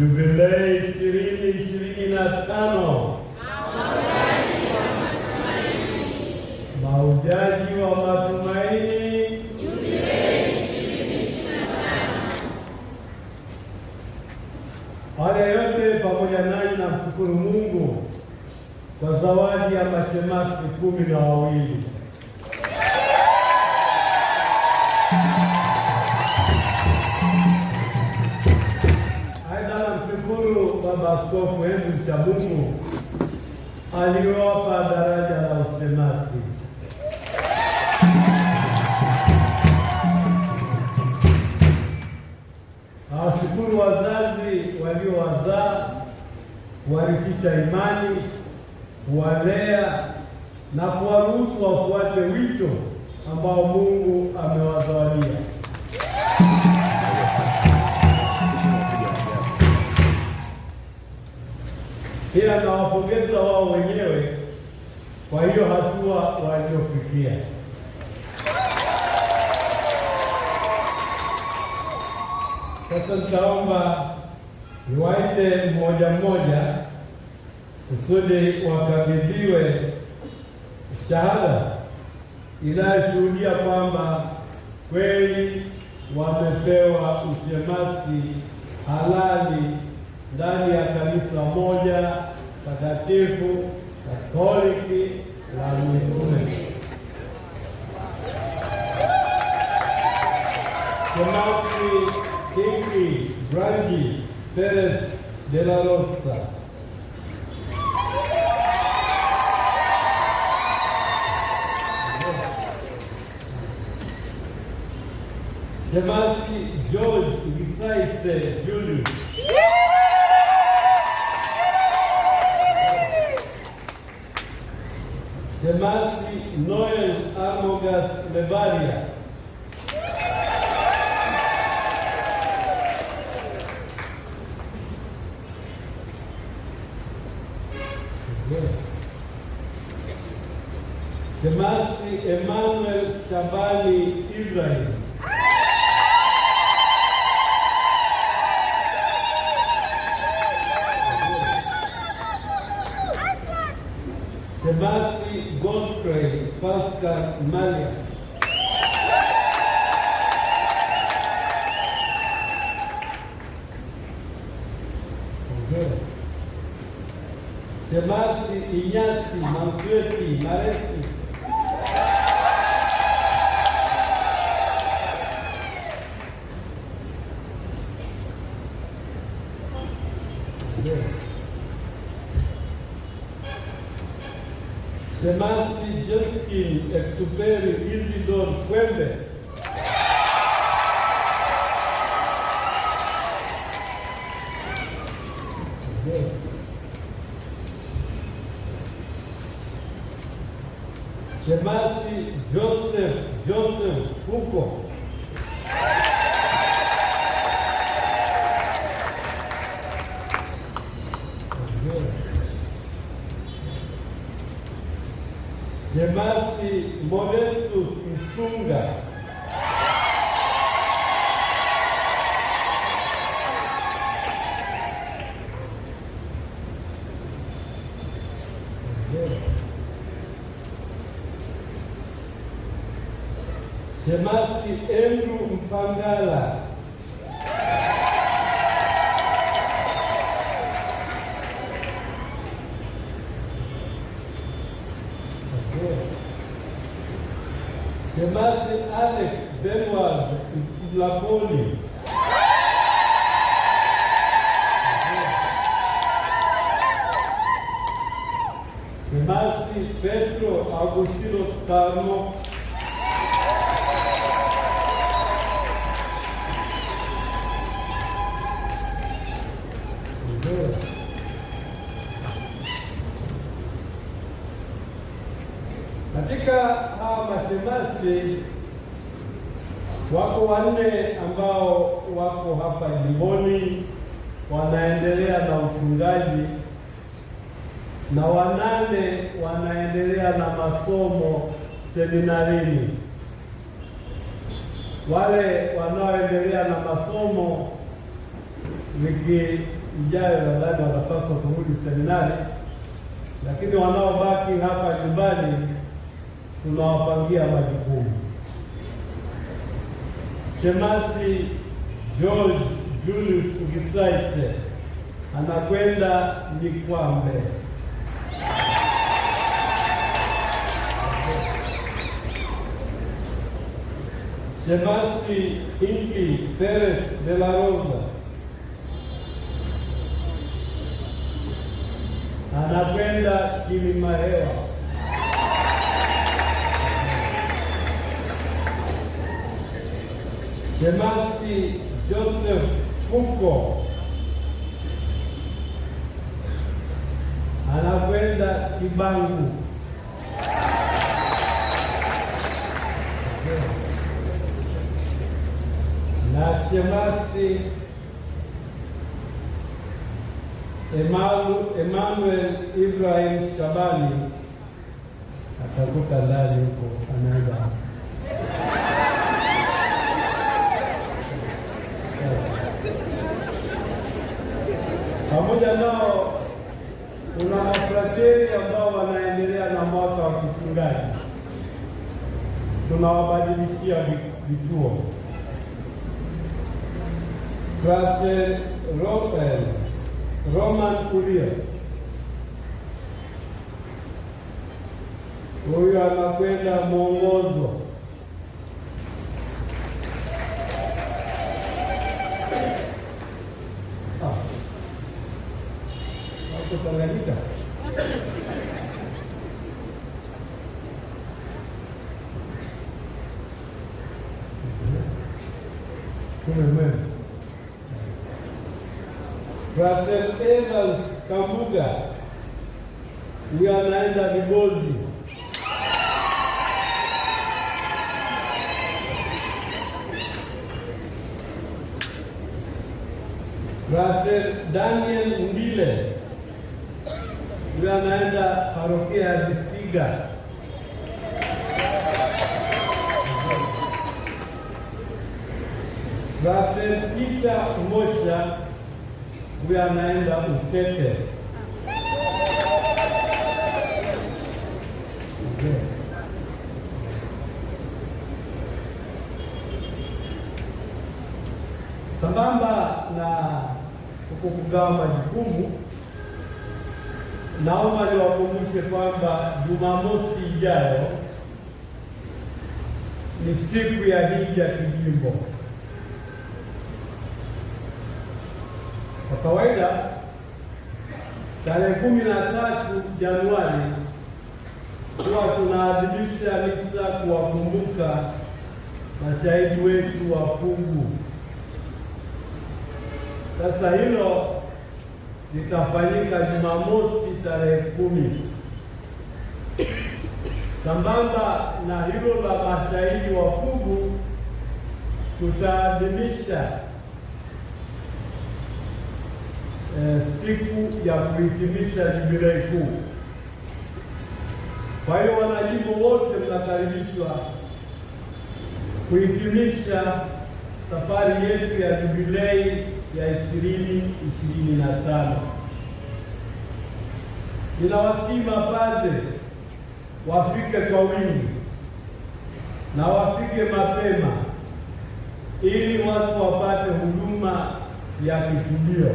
Jubilei ishirini ishirini na tano maujaji wa matumaini. Haya yote pamoja nanyi, namshukuru Mungu kwa zawadi ya mashemasi kumi na wawili. askofu wetu Chamungu aliwapa daraja la ushemasi. Awashukuru wazazi waliowazaa, kuharikisha imani, kuwalea na kuwaruhusu wafuate wito ambao Mungu amewazawadia. ila nawapongeza wao wenyewe kwa hiyo hatua waliofikia. Sasa nitaomba niwaite mmoja mmoja kusudi wakabidhiwe shahada inayoshuhudia kwamba kweli wamepewa ushemasi halali. ndani ya kanisa moja takatifu Katoliki la Mitume. Tomasi Kingi Brangi Perez de la Rosa. Tomasi George Gisaise Julius Demasi Noel Amogas Levaria. Demasi Emmanuel Shabani Ibrahim. Pasca Pascal Malia. Semasi, Iñasi, Mansueti, Maresi. Semasi, Justin Exuperi Isidor Kwembe. Shemasi Joseph Joseph Fuko. sunga. Semasi Andrew Mpangala. demain Alex Benoît de la Poli. Demain c'est Pedro Tarno. basi wako wanne ambao wako hapa jimboni wanaendelea na ufungaji na wanane wanaendelea na masomo seminarini. Wale wanaoendelea na masomo wiki ijayo nadhani wanapaswa kurudi seminari, lakini wanaobaki hapa nyumbani tunawapangia majukumu. Shemasi George Julius Ngisaise anakwenda Likwambe. Shemasi Inki Perez de la Rosa anakwenda Kilimahewa. Demasi Joseph Fuko anakwenda Kibangu. Na Shemasi Emmanuel Ibrahim Shabani atakuta ndani huko anaenda Pamoja nao kuna mafrateri ambao wanaendelea na mwaka wa kifungaji, tunawabadilishia vituo. Frater eh, Roman Kuria huyu anakwenda mwongozo você também é ligado. Amen. Rafael Evans Kamuga, unaenda Mimozi. Daniel Mbile yule anaenda parokia ya Visiga. Baptiste Peter Mosha huyo anaenda Utete. Sambamba na huko kugawa majukumu naomba niwakumbushe kwamba Jumamosi ijayo ni siku ya hija kijimbo. Kwa kawaida tarehe kumi na tatu Januari huwa tunaadhimisha misa kuwakumbuka mashahidi wetu wa fungu. Sasa hilo litafanyika Jumamosi tarehe kumi sambamba na hilo la mashahidi wa Pugu tutaadhimisha e, siku ya kuhitimisha jubilei kuu. Kwa hiyo wanajimbo wote mnakaribishwa kuhitimisha safari yetu ya jubilei ya 2025. Ninawasihi mapadre wafike kwa wingi na wafike mapema ili watu wapate huduma ya kitubio,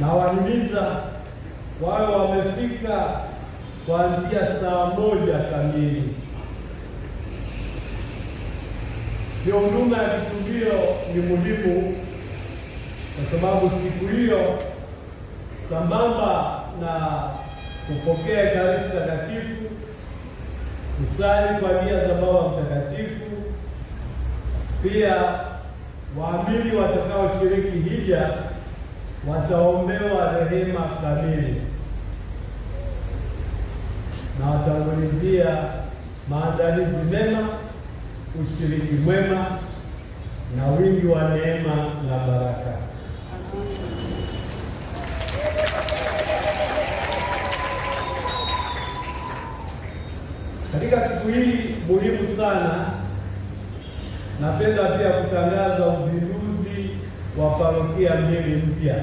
na wahimiza wawe wamefika kuanzia saa moja kamili. Ndio huduma ya kitubio ni muhimu, kwa sababu siku hiyo sambamba na kupokea Ekaristi Takatifu, kusali kwa nia za Baba Mtakatifu, pia waamini watakaoshiriki hija wataombewa rehema kamili na watangulizia maandalizi mema ushiriki mwema na wingi wa neema na baraka. Katika siku hii muhimu sana, napenda pia kutangaza uzinduzi wa parokia mbili mpya.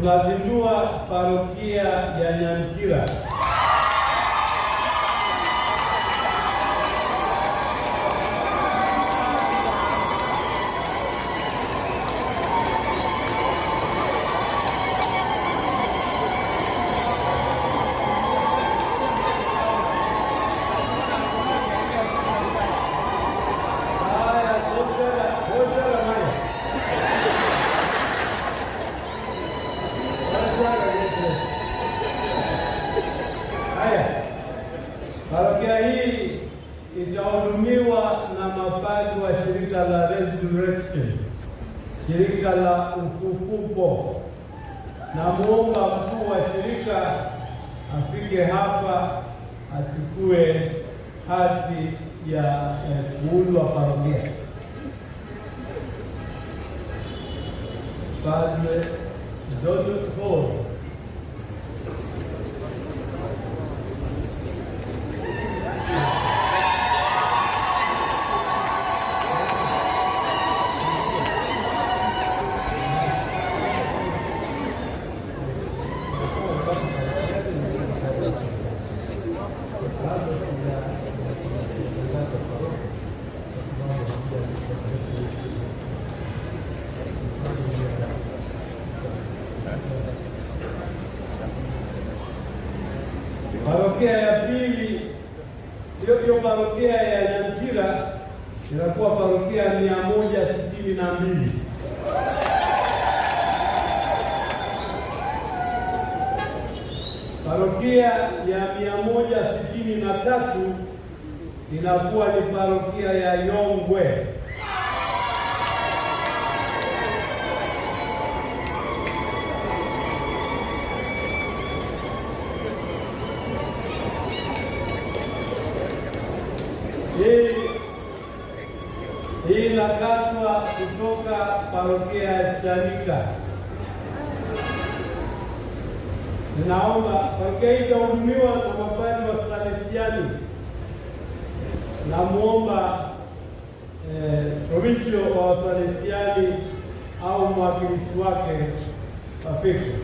Tunazindua parokia ya Nyankira Parokia hii itahudumiwa na mapadri wa shirika la Resurrection, shirika la ufufuko, na muomba mkuu wa shirika afike hapa achukue hati ya kuundwa parokia. Padre Zoto parokia ya pili hiyo hiyo parokia ya Nyamtira inakuwa parokia mia moja sitini na mbili parokia ya mia moja sitini na tatu inakuwa ni parokia ya Yongwe. kutoka parokia ya Chanika. Ninaomba parokia hii itahudumiwa na mabaya Wasalesiani. Namwomba eh, provinsio wa Salesiani au mwakilishi wake Pafiku.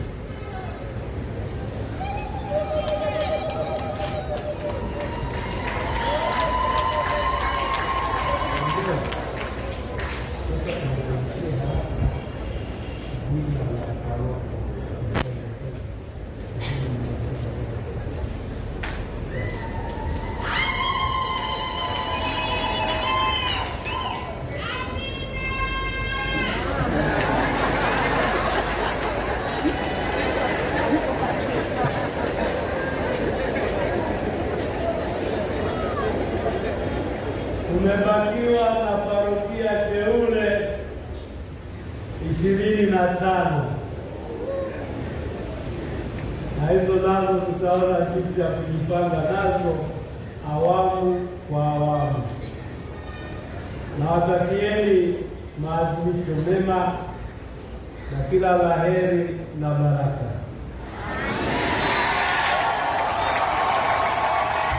na tano na hizo nazo tutaona jinsi ya kujipanga nazo awamu kwa awamu. Nawatakieni maadhimisho mema na kila laheri na baraka.